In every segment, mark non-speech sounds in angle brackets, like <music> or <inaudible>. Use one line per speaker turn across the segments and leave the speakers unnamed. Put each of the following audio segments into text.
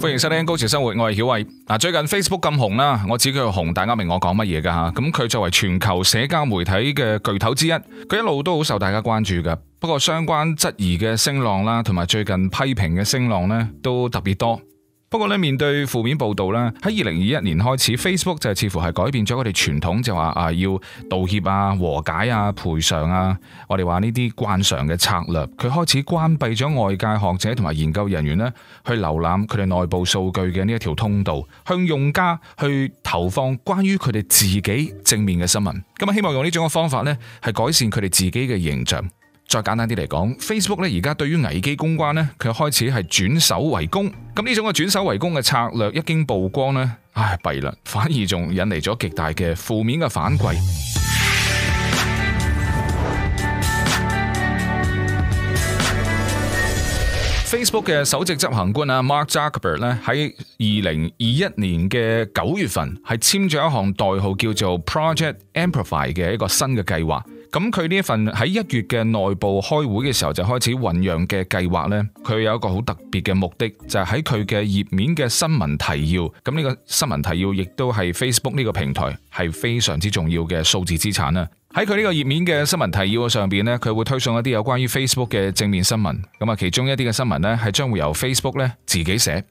歡迎收聽《高潮生活》，我係曉偉。嗱，最近 Facebook 咁紅啦，我指佢紅，大家明我講乜嘢噶吓？咁佢作為全球社交媒體嘅巨頭之一，佢一路都好受大家關注㗎。不過相關質疑嘅聲浪啦，同埋最近批評嘅聲浪呢，都特別多。不過咧，面對負面報道咧，喺二零二一年開始，Facebook 就似乎係改變咗佢哋傳統，就話啊要道歉啊、和解啊、賠償啊，我哋話呢啲慣常嘅策略，佢開始關閉咗外界學者同埋研究人員咧去瀏覽佢哋內部數據嘅呢一條通道，向用家去投放關於佢哋自己正面嘅新聞，咁啊希望用呢種嘅方法咧，係改善佢哋自己嘅形象。再簡單啲嚟講，Facebook 咧而家對於危機公關咧，佢開始係轉守為攻。咁呢種嘅轉守為攻嘅策略，一經曝光呢，唉，弊啦，反而仲引嚟咗極大嘅負面嘅反饋。 <music> Facebook 嘅首席執行官啊，Mark Zuckerberg 咧喺二零二一年嘅九月份，係簽咗一項代號叫做 Project Amplify 嘅一個新嘅計劃。咁佢呢一份喺一月嘅內部開會嘅時候就開始醖釀嘅計劃呢，佢有一個好特別嘅目的，就係喺佢嘅頁面嘅新聞提要。咁呢個新聞提要亦都係 Facebook 呢個平台係非常之重要嘅數字資產啦。喺佢呢個頁面嘅新聞提要上邊呢，佢會推送一啲有關於 Facebook 嘅正面新聞。咁啊，其中一啲嘅新聞呢係將會由 Facebook 呢自己寫。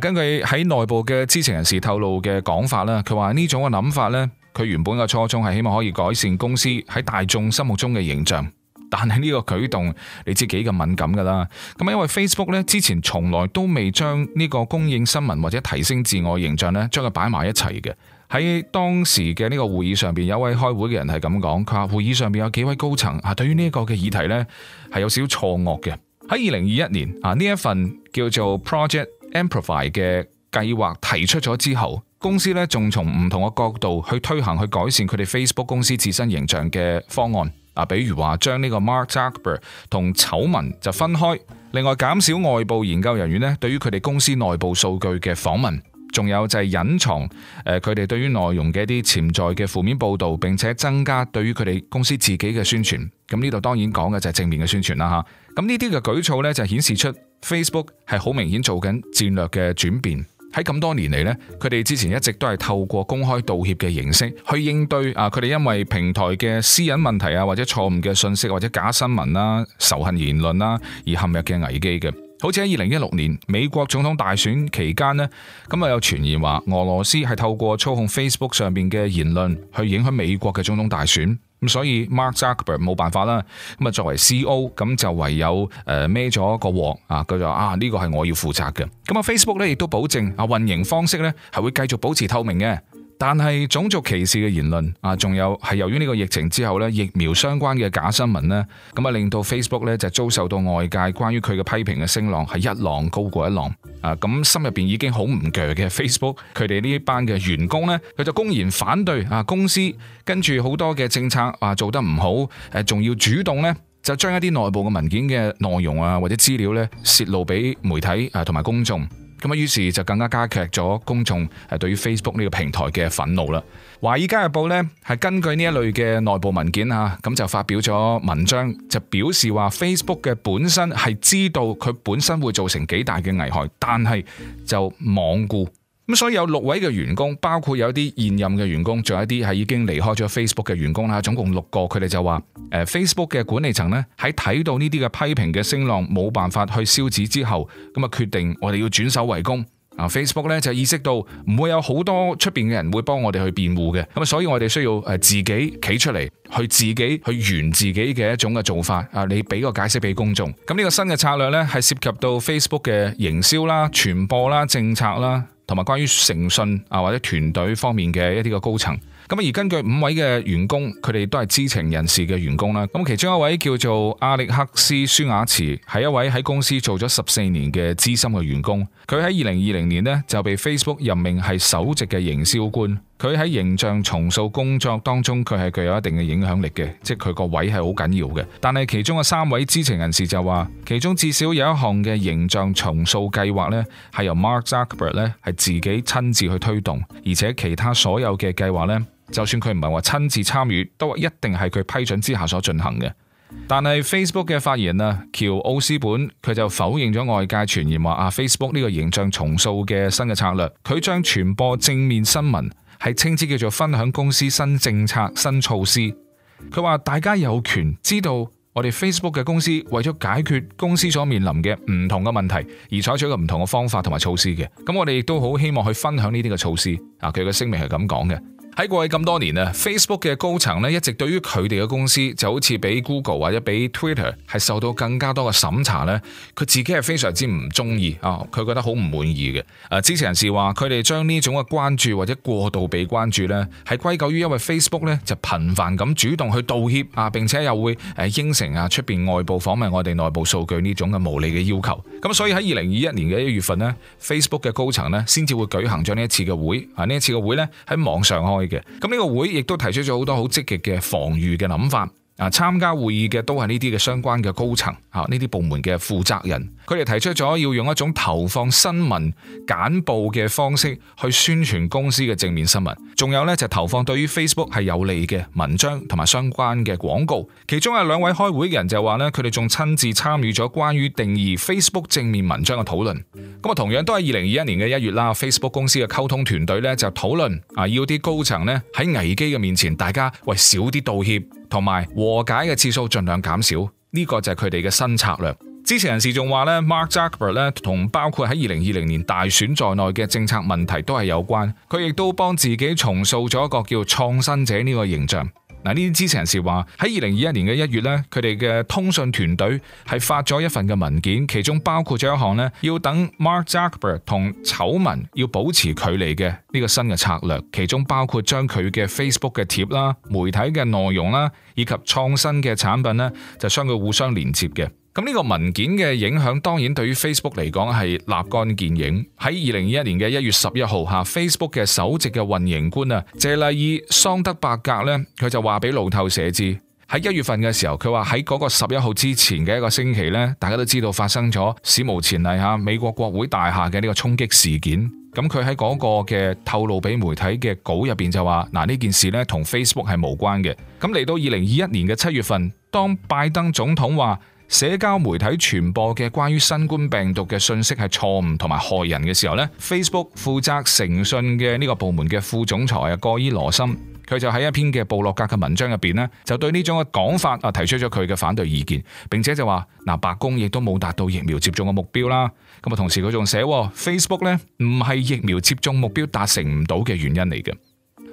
根據喺內部嘅知情人士透露嘅講法啦，佢話呢種嘅諗法呢。佢原本嘅初衷係希望可以改善公司喺大眾心目中嘅形象，但係呢個舉動你知幾咁敏感㗎喇。咁因為 Facebook 咧之前從來都未將呢個供應新聞或者提升自我形象咧，將佢擺埋一齊嘅。喺當時嘅呢個會議上邊，有位開會嘅人係咁講，佢話會議上邊有幾位高層啊，對於呢一個嘅議題咧係有少少錯愕嘅。喺二零二一年啊，呢一份叫做 Project Amplify 嘅計劃提出咗之後。公司咧仲從唔同嘅角度去推行去改善佢哋 Facebook 公司自身形象嘅方案，啊，比如話將呢個 Mark Zuckerberg 同醜聞就分開，另外減少外部研究人員咧對於佢哋公司內部數據嘅訪問，仲有就係隱藏誒佢哋對於內容嘅一啲潛在嘅負面報導，並且增加對於佢哋公司自己嘅宣傳。咁呢度當然講嘅就係正面嘅宣傳啦嚇。咁呢啲嘅舉措咧就顯示出 Facebook 係好明顯做緊戰略嘅轉變。喺咁多年嚟呢，佢哋之前一直都係透過公開道歉嘅形式去應對啊，佢哋因為平台嘅私隱問題啊，或者錯誤嘅信息或者假新聞啦、仇恨言論啦而陷入嘅危機嘅。好似喺二零一六年美國總統大選期間呢，咁啊有傳言話俄羅斯係透過操控 Facebook 上面嘅言論去影響美國嘅總統大選。咁所以 Mark Zuckerberg 冇辦法啦，咁啊作為 CO，咁就唯有誒孭咗個鑊啊，佢就話啊呢個係我要負責嘅，咁啊 Facebook 咧亦都保證啊運營方式咧係會繼續保持透明嘅。但係種族歧視嘅言論啊，仲有係由於呢個疫情之後呢疫苗相關嘅假新聞呢，咁啊令到 Facebook 呢就遭受到外界關於佢嘅批評嘅聲浪係一浪高過一浪啊！咁心入邊已經好唔鋸嘅 Facebook，佢哋呢班嘅員工呢，佢就公然反對啊公司跟住好多嘅政策啊做得唔好，誒仲要主動呢就將一啲內部嘅文件嘅內容啊或者資料呢泄露俾媒體啊同埋公眾。咁啊，於是就更加加劇咗公眾誒對於 Facebook 呢個平台嘅憤怒啦。華爾街日報呢係根據呢一類嘅內部文件啊，咁就發表咗文章，就表示話 Facebook 嘅本身係知道佢本身會造成幾大嘅危害，但係就罔顧。咁所以有六位嘅員工，包括有啲現任嘅員工，仲有一啲係已經離開咗 Facebook 嘅員工啦。總共六個，佢哋就話誒，Facebook 嘅管理層呢，喺睇到呢啲嘅批評嘅聲浪，冇辦法去消止之後，咁啊決定我哋要轉手為攻啊。Facebook 呢就意識到唔會有好多出邊嘅人會幫我哋去辯護嘅，咁啊，所以我哋需要誒自己企出嚟，去自己去圓自己嘅一種嘅做法啊。你俾個解釋俾公眾咁呢個新嘅策略呢，係涉及到 Facebook 嘅營銷啦、傳播啦、政策啦。同埋關於誠信啊，或者團隊方面嘅一啲嘅高層，咁而根據五位嘅員工，佢哋都係知情人士嘅員工啦。咁其中一位叫做阿力克斯舒雅茨，係一位喺公司做咗十四年嘅資深嘅員工。佢喺二零二零年呢，就被 Facebook 任命係首席嘅營銷官。佢喺形象重塑工作當中，佢係具有一定嘅影響力嘅，即係佢個位係好緊要嘅。但係其中嘅三位知情人士就話，其中至少有一項嘅形象重塑計劃咧，係由 Mark Zuckerberg 咧係自己親自去推動，而且其他所有嘅計劃咧，就算佢唔係話親自參與，都一定係佢批准之下所進行嘅。但係 Facebook 嘅發言人啊，喬奧斯本佢就否認咗外界傳言話啊 Facebook 呢個形象重塑嘅新嘅策略，佢將傳播正面新聞。係稱之叫做分享公司新政策、新措施。佢話，大家有權知道我哋 Facebook 嘅公司為咗解決公司所面臨嘅唔同嘅問題而採取一個唔同嘅方法同埋措施嘅。咁我哋亦都好希望去分享呢啲嘅措施。啊，佢嘅聲明係咁講嘅。喺過去咁多年啊，Facebook 嘅高層咧一直對於佢哋嘅公司就好似比 Google 或者比 Twitter 係受到更加多嘅審查咧，佢自己係非常之唔中意啊，佢覺得好唔滿意嘅。啊，知情人士話佢哋將呢種嘅關注或者過度被關注咧，係歸咎於因為 Facebook 咧就頻繁咁主動去道歉啊，並且又會誒應承啊出邊外部訪問我哋內部數據呢種嘅無理嘅要求。咁所以喺二零二一年嘅一月份咧，Facebook 嘅高層咧先至會舉行咗呢一次嘅會啊，呢一次嘅會咧喺網上看。咁呢個會亦都提出咗好多好積極嘅防禦嘅諗法。啊！參加會議嘅都係呢啲嘅相關嘅高層啊，呢啲部門嘅負責人，佢哋提出咗要用一種投放新聞簡報嘅方式去宣傳公司嘅正面新聞，仲有呢，就是、投放對於 Facebook 係有利嘅文章同埋相關嘅廣告。其中有兩位開會嘅人就話呢，佢哋仲親自參與咗關於定義 Facebook 正面文章嘅討論。咁啊，同樣都係二零二一年嘅一月啦。 <laughs> Facebook 公司嘅溝通團隊呢就討論啊，要啲高層呢喺危機嘅面前，大家喂少啲道歉。同埋和解嘅次數盡量減少，呢、這個就係佢哋嘅新策略。支持人士仲話咧，Mark Zuckerberg 咧同包括喺二零二零年大選在內嘅政策問題都係有關。佢亦都幫自己重塑咗一個叫創新者呢個形象。嗱，呢啲知情人士話喺二零二一年嘅一月咧，佢哋嘅通訊團隊係發咗一份嘅文件，其中包括咗一項咧，要等 Mark Zuckerberg 同醜聞要保持距離嘅呢個新嘅策略，其中包括將佢嘅 Facebook 嘅貼啦、媒體嘅內容啦，以及創新嘅產品咧，就相互互相連接嘅。咁呢個文件嘅影響，當然對於 Facebook 嚟講係立竿見影。喺二零二一年嘅一月十一號吓，Facebook 嘅首席嘅運營官啊，謝麗爾桑德伯格呢，佢就話俾路透社知喺一月份嘅時候，佢話喺嗰個十一號之前嘅一個星期呢，大家都知道發生咗史無前例吓美國國會大廈嘅呢個衝擊事件。咁佢喺嗰個嘅透露俾媒體嘅稿入邊就話嗱呢件事呢，同 Facebook 係無關嘅。咁嚟到二零二一年嘅七月份，當拜登總統話社交媒體傳播嘅關於新冠病毒嘅信息係錯誤同埋害人嘅時候呢 Facebook 負責誠信嘅呢個部門嘅副總裁啊，過伊羅森佢就喺一篇嘅部落格嘅文章入邊呢，就對呢種嘅講法啊提出咗佢嘅反對意見。並且就話嗱，白宮亦都冇達到疫苗接種嘅目標啦。咁啊，同時佢仲寫 Facebook 呢唔係疫苗接種目標達成唔到嘅原因嚟嘅。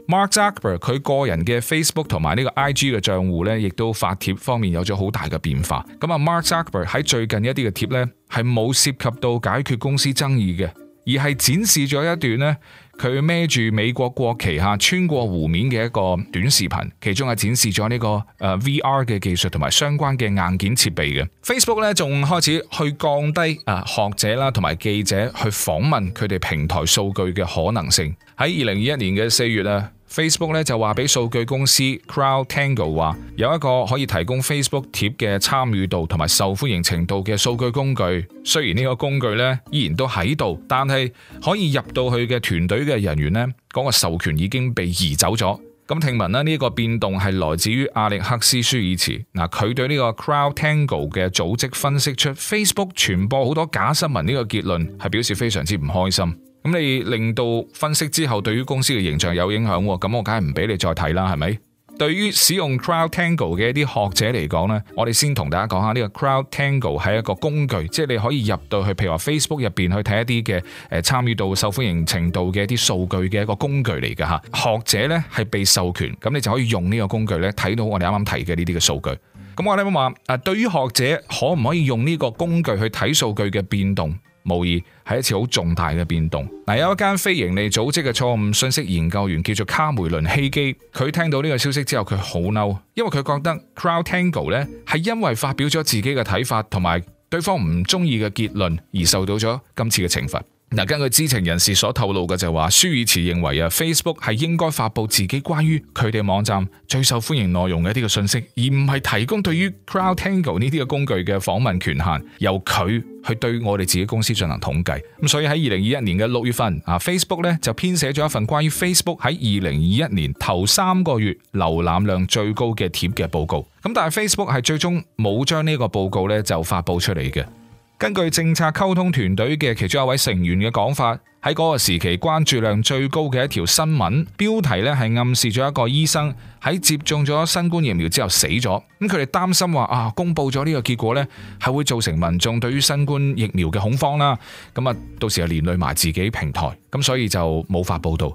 Mark Zuckerberg 佢個人嘅 Facebook 同埋呢個 IG 嘅賬戶呢，亦都發帖方面有咗好大嘅變化。咁啊，Mark Zuckerberg 喺最近一啲嘅貼呢，係冇涉及到解決公司爭議嘅，而係展示咗一段呢，佢孭住美國國旗下穿過湖面嘅一個短視頻，其中係展示咗呢、呢個誒、呃、VR 嘅技術同埋相關嘅硬件設備嘅。Facebook 呢，仲開始去降低啊、呃、學者啦同埋記者去訪問佢哋平台數據嘅可能性。喺二零二一年嘅四月啊。Facebook 咧就話俾數據公司 CrowdTangle 話，有一個可以提供 Facebook 貼嘅參與度同埋受歡迎程度嘅數據工具。雖然呢個工具咧依然都喺度，但係可以入到去嘅團隊嘅人員呢，嗰、那個授權已經被移走咗。咁聽聞咧呢一個變動係來自於阿力克斯舒爾茨。嗱，佢對呢個 CrowdTangle 嘅組織分析出 Facebook 傳播好多假新聞呢個結論係表示非常之唔開心。咁你令到分析之後對於公司嘅形象有影響喎、哦，咁我梗係唔俾你再睇啦，係咪？對於使用 CrowdTangle 嘅一啲學者嚟講呢，我哋先同大家講下呢個 CrowdTangle 係一個工具，即係你可以入到去，譬如話 Facebook 入邊去睇一啲嘅誒參與到受歡迎程度嘅一啲數據嘅一個工具嚟㗎嚇。學者呢係被授權，咁你就可以用呢個工具呢睇到我哋啱啱提嘅呢啲嘅數據。咁我哋想問啊，對於學者可唔可以用呢個工具去睇數據嘅變動？無疑係一次好重大嘅變動。有一間非盈利組織嘅錯誤信息研究員叫做卡梅倫希基，佢聽到呢個消息之後，佢好嬲，因為佢覺得 CrowdTangle 咧係因為發表咗自己嘅睇法同埋對方唔中意嘅結論而受到咗今次嘅懲罰。嗱，根據知情人士所透露嘅就話，舒爾茨認為啊，Facebook 係應該發布自己關於佢哋網站最受歡迎內容嘅一啲嘅信息，而唔係提供對於 Crowdangle 呢啲嘅工具嘅訪問權限，由佢去對我哋自己公司進行統計。咁所以喺二零二一年嘅六月份啊，Facebook 咧就編寫咗一份關於 Facebook 喺二零二一年頭三個月瀏覽量最高嘅貼嘅報告。咁但係 Facebook 係最終冇將呢個報告咧就發布出嚟嘅。根據政策溝通團隊嘅其中一位成員嘅講法，喺嗰個時期關注量最高嘅一條新聞標題呢，係暗示咗一個醫生喺接種咗新冠疫苗之後死咗。咁佢哋擔心話啊，公佈咗呢個結果呢，係會造成民眾對於新冠疫苗嘅恐慌啦。咁啊，到時又連累埋自己平台，咁所以就冇法報導。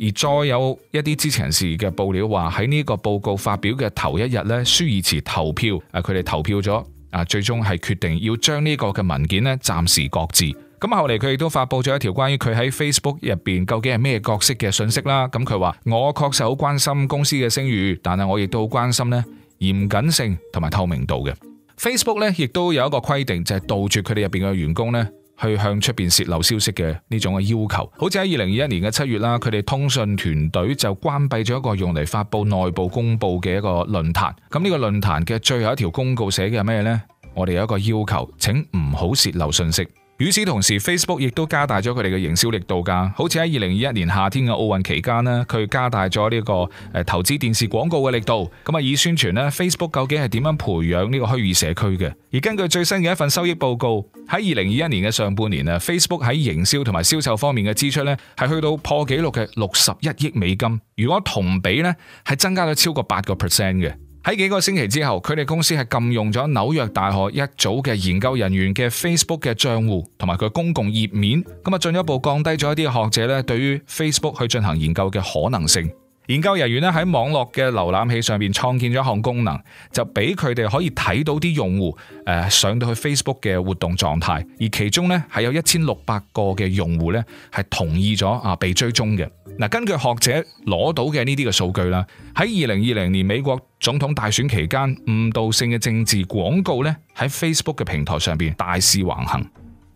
而再有一啲知情人士嘅報料話，喺呢個報告發表嘅頭一日呢，舒爾茨投票啊，佢哋投票咗。啊！最終係決定要將呢個嘅文件咧暫時擱置。咁後嚟佢亦都發布咗一條關於佢喺 Facebook 入邊究竟係咩角色嘅信息啦。咁佢話：我確實好關心公司嘅聲譽，但係我亦都好關心咧嚴謹性同埋透明度嘅 Facebook 呢，亦都有一個規定，就係、是、杜絕佢哋入邊嘅員工咧。去向出邊洩漏消息嘅呢種嘅要求，好似喺二零二一年嘅七月啦，佢哋通訊團隊就關閉咗一個用嚟發佈內部公佈嘅一個論壇。咁呢個論壇嘅最後一條公告寫嘅係咩呢？我哋有一個要求，請唔好洩漏信息。與此同時，Facebook 亦都加大咗佢哋嘅營銷力度噶，好似喺二零二一年夏天嘅奧運期間咧，佢加大咗呢個誒投資電視廣告嘅力度，咁啊以宣傳咧 Facebook 究竟係點樣培養呢個虛擬社區嘅。而根據最新嘅一份收益報告，喺二零二一年嘅上半年啊，Facebook 喺營銷同埋銷售方面嘅支出咧係去到破紀錄嘅六十一億美金，如果同比呢係增加咗超過八個 percent 嘅。喺幾個星期之後，佢哋公司係禁用咗紐約大學一組嘅研究人員嘅 Facebook 嘅賬戶同埋佢個公共頁面，咁啊進一步降低咗一啲學者咧對於 Facebook 去進行研究嘅可能性。研究人員咧喺網絡嘅瀏覽器上邊創建咗一項功能，就俾佢哋可以睇到啲用戶誒、呃、上到去 Facebook 嘅活動狀態，而其中咧係有一千六百個嘅用戶咧係同意咗啊被追蹤嘅。嗱，根據學者攞到嘅呢啲嘅數據啦，喺二零二零年美國總統大選期間，誤導性嘅政治廣告咧喺 Facebook 嘅平台上邊大肆橫行。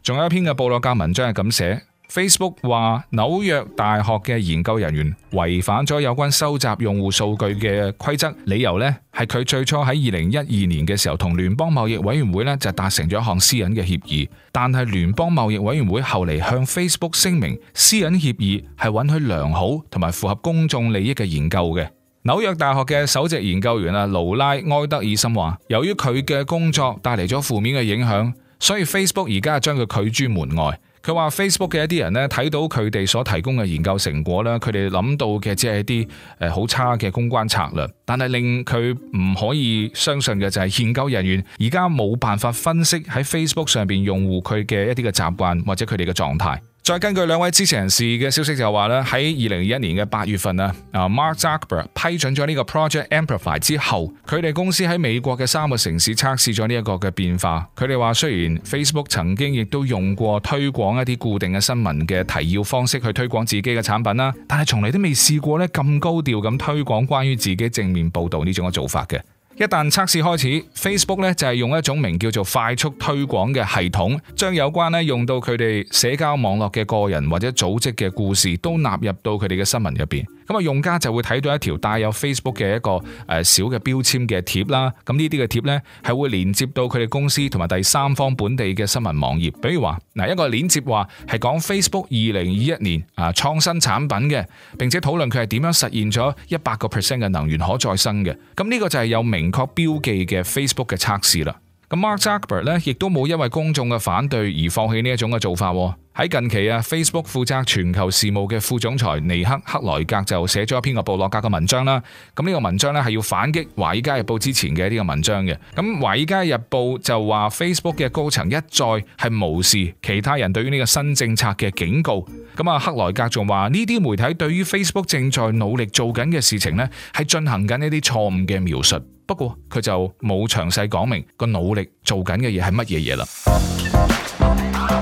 仲有一篇嘅部落格文章係咁寫。Facebook 話紐約大學嘅研究人員違反咗有關收集用戶數據嘅規則，理由呢係佢最初喺二零一二年嘅時候同聯邦貿易委員會呢就達成咗一項私隱嘅協議，但係聯邦貿易委員會後嚟向 Facebook 聲明，私隱協議係允許良好同埋符合公眾利益嘅研究嘅。紐約大學嘅首席研究員啊，勞拉埃德爾森話，由於佢嘅工作帶嚟咗負面嘅影響，所以 Facebook 而家將佢拒諸門外。佢話 Facebook 嘅一啲人咧睇到佢哋所提供嘅研究成果啦，佢哋諗到嘅即係一啲誒好差嘅公關策略，但係令佢唔可以相信嘅就係研究人員而家冇辦法分析喺 Facebook 上邊用戶佢嘅一啲嘅習慣或者佢哋嘅狀態。再根據兩位知情人士嘅消息就話咧，喺二零二一年嘅八月份啊，啊 Mark Zuckerberg 批准咗呢個 Project Amplify 之後，佢哋公司喺美國嘅三個城市測試咗呢一個嘅變化。佢哋話雖然 Facebook 曾經亦都用過推廣一啲固定嘅新聞嘅提要方式去推廣自己嘅產品啦，但係從嚟都未試過咧咁高調咁推廣關於自己正面報導呢種嘅做法嘅。一旦測試開始，Facebook 咧就係用一種名叫做快速推廣嘅系統，將有關咧用到佢哋社交網絡嘅個人或者組織嘅故事，都納入到佢哋嘅新聞入邊。咁啊，用家就會睇到一條帶有 Facebook 嘅一個誒小嘅標籤嘅貼啦。咁呢啲嘅貼呢，係會連接到佢哋公司同埋第三方本地嘅新聞網頁。比如話，嗱一個鏈接話係講 Facebook 二零二一年啊創新產品嘅，並且討論佢係點樣實現咗一百個 percent 嘅能源可再生嘅。咁呢個就係有明確標記嘅 Facebook 嘅測試啦。咁 Mark Zuckerberg 咧，亦都冇因為公眾嘅反對而放棄呢一種嘅做法。喺近期啊，Facebook 負責全球事務嘅副總裁尼克·克萊格就寫咗一篇嘅布洛格嘅文章啦。咁、這、呢個文章咧係要反擊《華爾街日報》之前嘅呢個文章嘅。咁《華爾街日報》就話 Facebook 嘅高層一再係無視其他人對於呢個新政策嘅警告。咁啊，克萊格仲話呢啲媒體對於 Facebook 正在努力做緊嘅事情咧，係進行緊一啲錯誤嘅描述。不過佢就冇詳細講明個努力做緊嘅嘢係乜嘢嘢啦。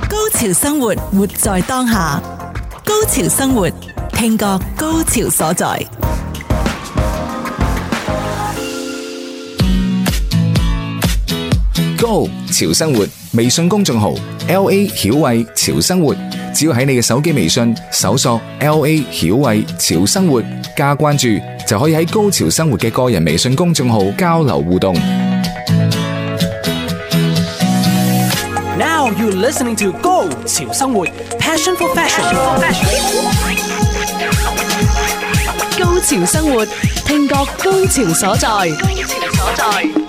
高潮生活，活在當下。高潮生活，聽過高潮所在。Go 潮生活微信公眾號 L A 曉慧潮生活，只要喺你嘅手機微信搜索 L A 曉慧潮生活加關注，就可以喺高潮生活嘅個人微信公眾號交流互動。Now you are listening to Go 潮生活，Passion for Fashion。高潮生活，聽覺高潮所在。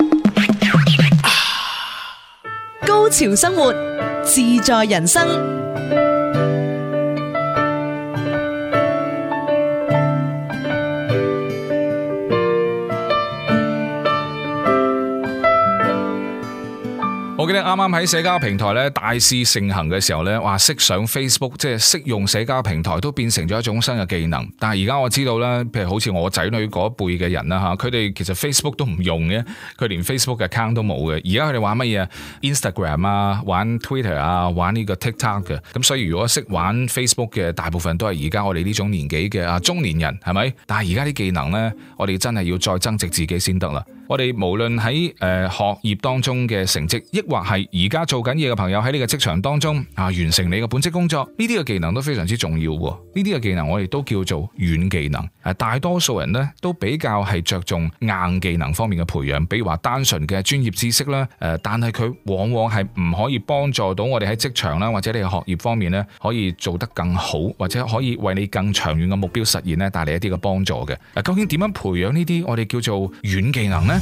高潮生活，自在人生。啱啱喺社交平台咧大肆盛行嘅時候咧，話識上 Facebook，即係識用社交平台都變成咗一種新嘅技能。但係而家我知道咧，譬如好似我仔女嗰一輩嘅人啦吓，佢哋其實 Facebook 都唔用嘅，佢連 Facebook 嘅 account 都冇嘅。而家佢哋玩乜嘢啊？Instagram 啊，玩 Twitter 啊，玩呢個 TikTok 嘅、啊。咁所以如果識玩 Facebook 嘅，大部分都係而家我哋呢種年紀嘅啊中年人，係咪？但係而家啲技能咧，我哋真係要再增值自己先得啦。我哋無論喺誒學業當中嘅成績，抑或係而家做緊嘢嘅朋友喺呢個職場當中啊，完成你嘅本職工作，呢啲嘅技能都非常之重要喎。呢啲嘅技能我哋都叫做軟技能。誒、啊，大多數人呢都比較係着重硬技能方面嘅培養，比如話單純嘅專業知識啦。誒、啊，但係佢往往係唔可以幫助到我哋喺職場啦，或者你嘅學業方面呢可以做得更好，或者可以為你更長遠嘅目標實現咧帶嚟一啲嘅幫助嘅、啊。究竟點樣培養呢啲我哋叫做軟技能呢？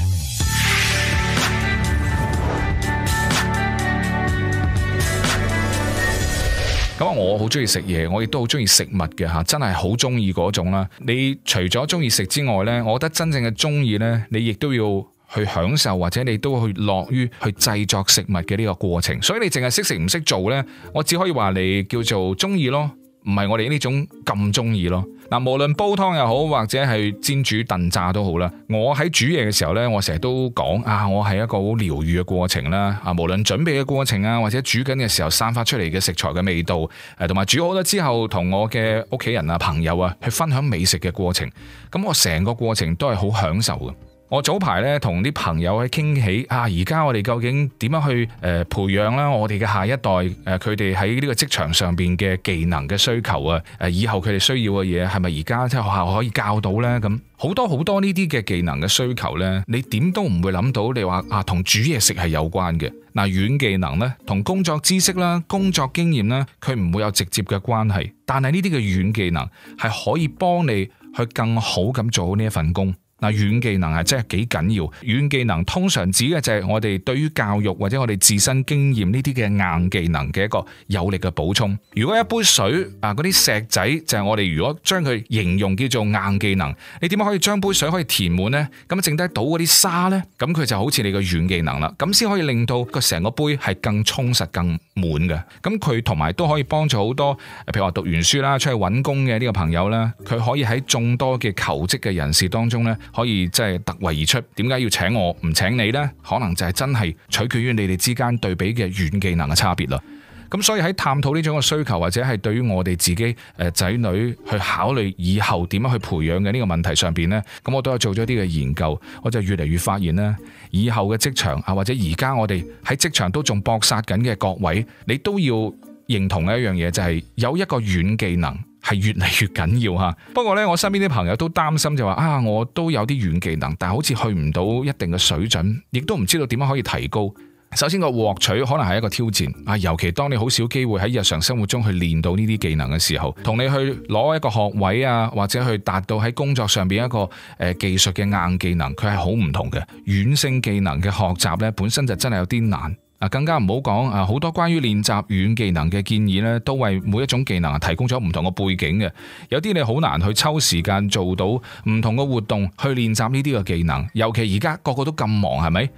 咁我好中意食嘢，我亦都好中意食物嘅吓，真係好中意嗰種啦。你除咗中意食之外呢，我覺得真正嘅中意呢，你亦都要去享受，或者你都去樂於去製作食物嘅呢個過程。所以你淨係識食唔識做呢，我只可以話你叫做中意咯。.唔係我哋呢種咁中意咯。嗱，無論煲湯又好，或者係煎煮燉炸都好啦。我喺煮嘢嘅時候呢，我成日都講啊，我係一個好療愈嘅過程啦。啊，無論準備嘅過程啊，或者煮緊嘅時候散發出嚟嘅食材嘅味道，誒、啊，同埋煮好咗之後，同我嘅屋企人啊、朋友啊去分享美食嘅過程，咁我成個過程都係好享受嘅。我早排咧，同啲朋友喺傾起，啊，而家我哋究竟點樣去誒培養啦？我哋嘅下一代誒，佢哋喺呢個職場上邊嘅技能嘅需求啊，誒，以後佢哋需要嘅嘢係咪而家喺學校可以教到呢？咁好多好多呢啲嘅技能嘅需求呢，你點都唔會諗到你，你話啊，同煮嘢食係有關嘅嗱，軟技能呢，同工作知識啦、工作經驗呢，佢唔會有直接嘅關係，但係呢啲嘅軟技能係可以幫你去更好咁做好呢一份工。嗱，軟技能係真係幾緊要。軟技能通常指嘅就係我哋對於教育或者我哋自身經驗呢啲嘅硬技能嘅一個有力嘅補充。如果一杯水啊，嗰啲石仔就係我哋如果將佢形容叫做硬技能，你點解可以將杯水可以填滿呢？咁剩低倒嗰啲沙呢，咁佢就好似你嘅軟技能啦。咁先可以令到個成個杯係更充實、更滿嘅。咁佢同埋都可以幫助好多，譬如話讀完書啦、出去揾工嘅呢個朋友啦，佢可以喺眾多嘅求職嘅人士當中呢。可以即係突圍而出，點解要請我唔請你咧？可能就係真係取決於你哋之間對比嘅軟技能嘅差別啦。咁所以喺探討呢種嘅需求，或者係對於我哋自己誒仔、呃、女去考慮以後點樣去培養嘅呢個問題上邊咧，咁我都有做咗啲嘅研究，我就越嚟越發現咧，以後嘅職場啊，或者而家我哋喺職場都仲搏殺緊嘅各位，你都要認同嘅一樣嘢就係、是、有一個軟技能，係越嚟越緊要吓，不過呢，我身邊啲朋友都擔心就話啊，我都有啲軟技能，但係好似去唔到一定嘅水準，亦都唔知道點樣可以提高。首先個獲取可能係一個挑戰啊，尤其當你好少機會喺日常生活中去練到呢啲技能嘅時候，同你去攞一個學位啊，或者去達到喺工作上面一個誒、呃、技術嘅硬技能，佢係好唔同嘅。軟性技能嘅學習呢，本身就真係有啲難。啊，更加唔好講啊，好多關於練習軟技能嘅建議咧，都為每一種技能提供咗唔同嘅背景嘅。有啲你好難去抽時間做到唔同嘅活動去練習呢啲嘅技能，尤其而家個個都咁忙，係咪？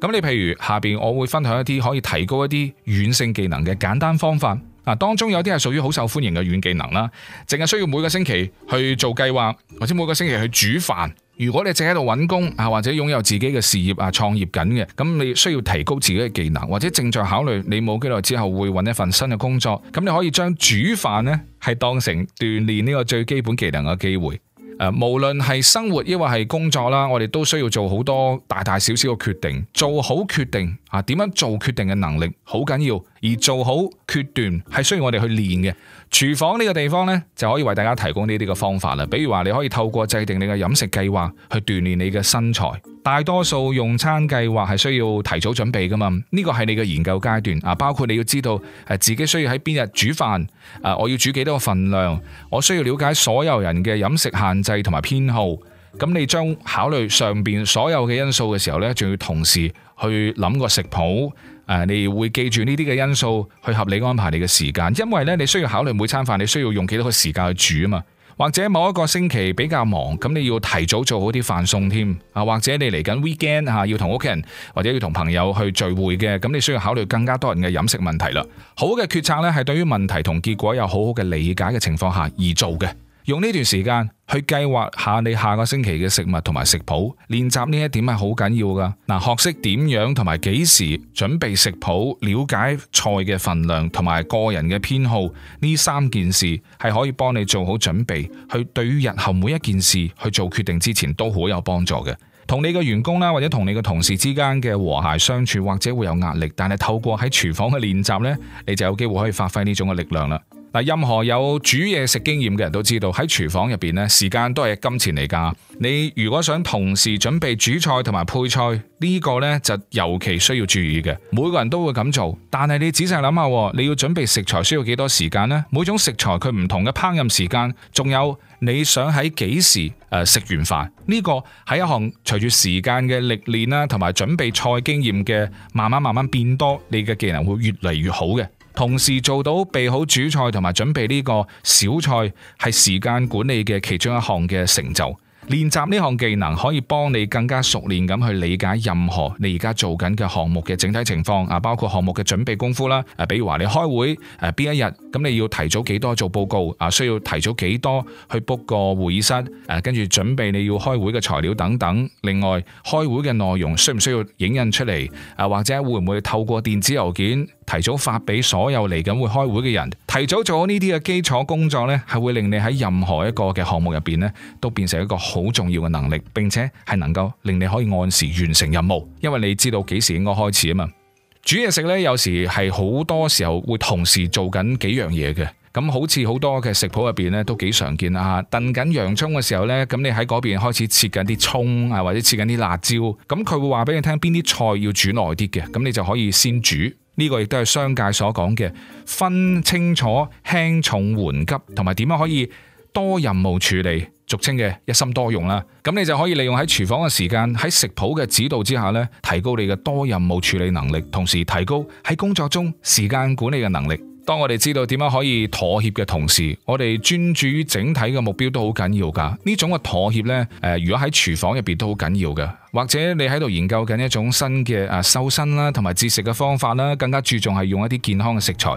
咁你譬如下邊我會分享一啲可以提高一啲軟性技能嘅簡單方法。啊，當中有啲係屬於好受歡迎嘅軟技能啦，淨係需要每個星期去做計劃，或者每個星期去煮飯。如果你正喺度揾工啊，或者擁有自己嘅事業啊，創業緊嘅，咁你需要提高自己嘅技能，或者正在考慮你冇幾耐之後會揾一份新嘅工作，咁你可以將煮飯呢係當成鍛煉呢個最基本技能嘅機會。誒、啊，無論係生活亦或係工作啦，我哋都需要做好多大大小小嘅決定，做好決定啊，點樣做決定嘅能力好緊要，而做好決斷係需要我哋去練嘅。廚房呢個地方呢，就可以為大家提供呢啲嘅方法啦。比如話，你可以透過制定你嘅飲食計劃去鍛煉你嘅身材。大多數用餐計劃係需要提早準備噶嘛？呢個係你嘅研究階段啊，包括你要知道誒自己需要喺邊日煮飯，誒我要煮幾多個份量，我需要了解所有人嘅飲食限制同埋偏好。咁你將考慮上邊所有嘅因素嘅時候呢，仲要同時去諗個食譜。誒，你會記住呢啲嘅因素去合理安排你嘅時間，因為咧你需要考慮每餐飯你需要用幾多個時間去煮啊嘛，或者某一個星期比較忙，咁你要提早做好啲飯餸添啊，或者你嚟緊 weekend 啊，要同屋企人或者要同朋友去聚會嘅，咁你需要考慮更加多人嘅飲食問題啦。好嘅決策咧，係對於問題同結果有好好嘅理解嘅情況下而做嘅。用呢段時間去計劃下你下個星期嘅食物同埋食譜，練習呢一點係好緊要噶。嗱，學識點樣同埋幾時準備食譜，了解菜嘅份量同埋個人嘅偏好，呢三件事係可以幫你做好準備，去對於日後每一件事去做決定之前都好有幫助嘅。同你嘅員工啦，或者同你嘅同事之間嘅和諧相處，或者會有壓力，但係透過喺廚房嘅練習呢，你就有機會可以發揮呢種嘅力量啦。任何有煮嘢食經驗嘅人都知道，喺廚房入邊呢，時間都係金錢嚟㗎。你如果想同時準備煮菜同埋配菜，呢個呢就尤其需要注意嘅。每個人都會咁做，但係你仔細諗下，你要準備食材需要幾多時間呢？每種食材佢唔同嘅烹飪時間，仲有你想喺幾時誒食完飯？呢個係一項隨住時間嘅歷練啦，同埋準備菜經驗嘅，慢慢慢慢變多，你嘅技能會越嚟越好嘅。同時做到備好主菜同埋準備呢個小菜，係時間管理嘅其中一項嘅成就。練習呢項技能可以幫你更加熟練咁去理解任何你而家做緊嘅項目嘅整體情況啊，包括項目嘅準備功夫啦。啊，比如話你開會誒邊一日，咁你要提早幾多做報告啊？需要提早幾多去 book 個會議室？誒，跟住準備你要開會嘅材料等等。另外，開會嘅內容需唔需要影印出嚟？啊，或者會唔會透過電子郵件？提早發俾所有嚟緊會開會嘅人，提早做好呢啲嘅基礎工作呢，係會令你喺任何一個嘅項目入邊呢，都變成一個好重要嘅能力，並且係能夠令你可以按時完成任務，因為你知道幾時應該開始啊嘛。煮嘢食呢，有時係好多時候會同時做緊幾樣嘢嘅。咁好似好多嘅食譜入邊咧都幾常見啦吓，燉、啊、緊洋蔥嘅時候呢，咁你喺嗰邊開始切緊啲蔥啊，或者切緊啲辣椒，咁佢會話俾你聽邊啲菜要煮耐啲嘅，咁你就可以先煮。呢個亦都係商界所講嘅，分清楚輕重緩急，同埋點樣可以多任務處理，俗稱嘅一心多用啦。咁你就可以利用喺廚房嘅時間，喺食譜嘅指導之下呢，提高你嘅多任務處理能力，同時提高喺工作中時間管理嘅能力。當我哋知道點樣可以妥協嘅同時，我哋專注於整體嘅目標都好緊要噶。呢種嘅妥協呢，誒、呃，如果喺廚房入邊都好緊要嘅。或者你喺度研究緊一種新嘅啊瘦身啦，同埋節食嘅方法啦，更加注重係用一啲健康嘅食材。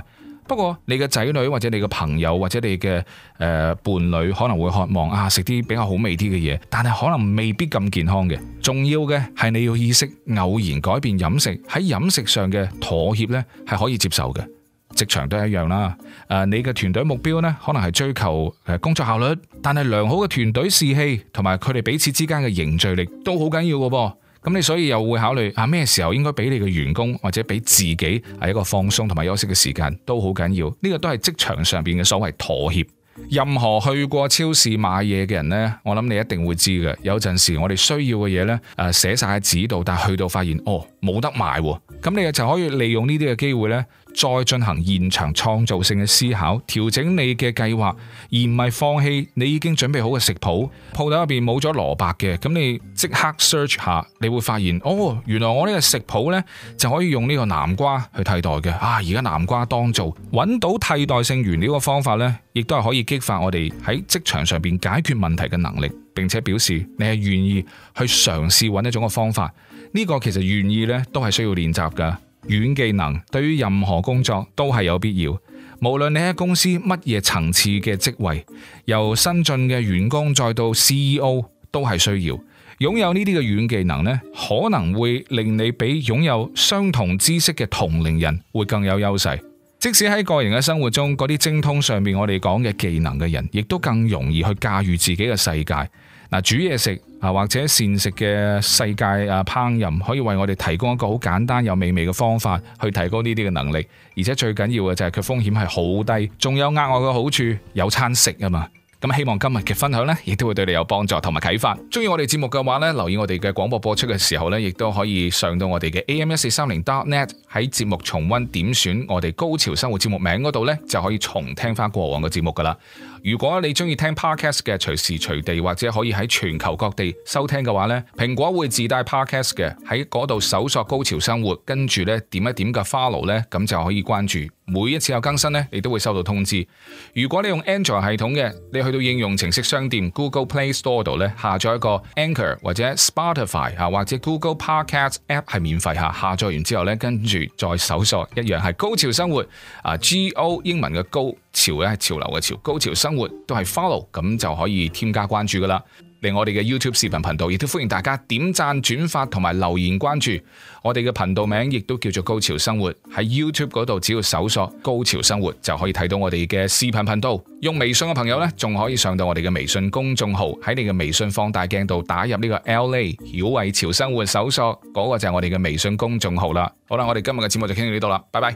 不過你嘅仔女或者你嘅朋友或者你嘅誒、呃、伴侶可能會渴望啊食啲比較好味啲嘅嘢，但係可能未必咁健康嘅。重要嘅係你要意識偶然改變飲食。喺飲食上嘅妥協呢，係可以接受嘅。職場都係一樣啦。誒、呃，你嘅團隊目標咧，可能係追求誒工作效率，但係良好嘅團隊士氣同埋佢哋彼此之間嘅凝聚力都好緊要嘅噃。咁你所以又會考慮啊，咩時候應該俾你嘅員工或者俾自己係一個放鬆同埋休息嘅時間都好緊要。呢、這個都係職場上邊嘅所謂妥協。任何去過超市買嘢嘅人呢，我諗你一定會知嘅。有陣時我哋需要嘅嘢呢，誒、呃、寫晒喺紙度，但係去到發現哦冇得賣喎、啊。咁你就可以利用呢啲嘅機會呢。再進行現場創造性嘅思考，調整你嘅計劃，而唔係放棄你已經準備好嘅食譜。鋪頭入邊冇咗蘿蔔嘅，咁你即刻 search 下，你會發現哦，原來我呢個食譜呢就可以用呢個南瓜去替代嘅。啊，而家南瓜當造，揾到替代性原料嘅方法呢，亦都係可以激發我哋喺職場上邊解決問題嘅能力。並且表示你係願意去嘗試揾一種嘅方法，呢個其實願意呢都係需要練習㗎。軟技能對於任何工作都係有必要，無論你喺公司乜嘢層次嘅職位，由新進嘅員工再到 CEO 都係需要擁有呢啲嘅軟技能呢，可能會令你比擁有相同知識嘅同齡人會更有優勢。即使喺個人嘅生活中，嗰啲精通上面我哋講嘅技能嘅人，亦都更容易去駕馭自己嘅世界。嗱，煮嘢食啊，或者膳食嘅世界啊，烹飪可以為我哋提供一個好簡單又美味嘅方法，去提高呢啲嘅能力。而且最緊要嘅就係佢風險係好低，仲有額外嘅好處，有餐食啊嘛。咁希望今日嘅分享呢，亦都會對你有幫助同埋啟發。中意我哋節目嘅話呢，留意我哋嘅廣播播出嘅時候呢，亦都可以上到我哋嘅 am 一四三零 dot net 喺節目重溫點選我哋高潮生活節目名嗰度呢，就可以重聽翻過往嘅節目噶啦。如果你中意聽 podcast 嘅，隨時隨地或者可以喺全球各地收聽嘅話呢，蘋果會自帶 podcast 嘅，喺嗰度搜索高潮生活，跟住呢點一點嘅 follow 咧，咁就可以關注。每一次有更新呢，你都會收到通知。如果你用 Android 系統嘅，你去到應用程式商店 Google Play Store 度呢，下載一個 Anchor 或者 Spotify 啊，或者 Google Podcast App 係免費吓，下載完之後呢，跟住再搜索一樣係高潮生活啊，G O 英文嘅高。潮咧，係潮流嘅潮，高潮生活都係 follow，咁就可以添加關注噶啦。嚟我哋嘅 YouTube 視頻頻道，亦都歡迎大家點讚、轉發同埋留言關注，我哋嘅頻道名，亦都叫做高潮生活。喺 YouTube 嗰度，只要搜索高潮生活就可以睇到我哋嘅視頻頻道。用微信嘅朋友呢，仲可以上到我哋嘅微信公眾號，喺你嘅微信放大鏡度打入呢個 L A 曉偉潮生活，搜索嗰、那個就係我哋嘅微信公眾號啦。好啦，我哋今日嘅節目就傾到呢度啦，拜拜。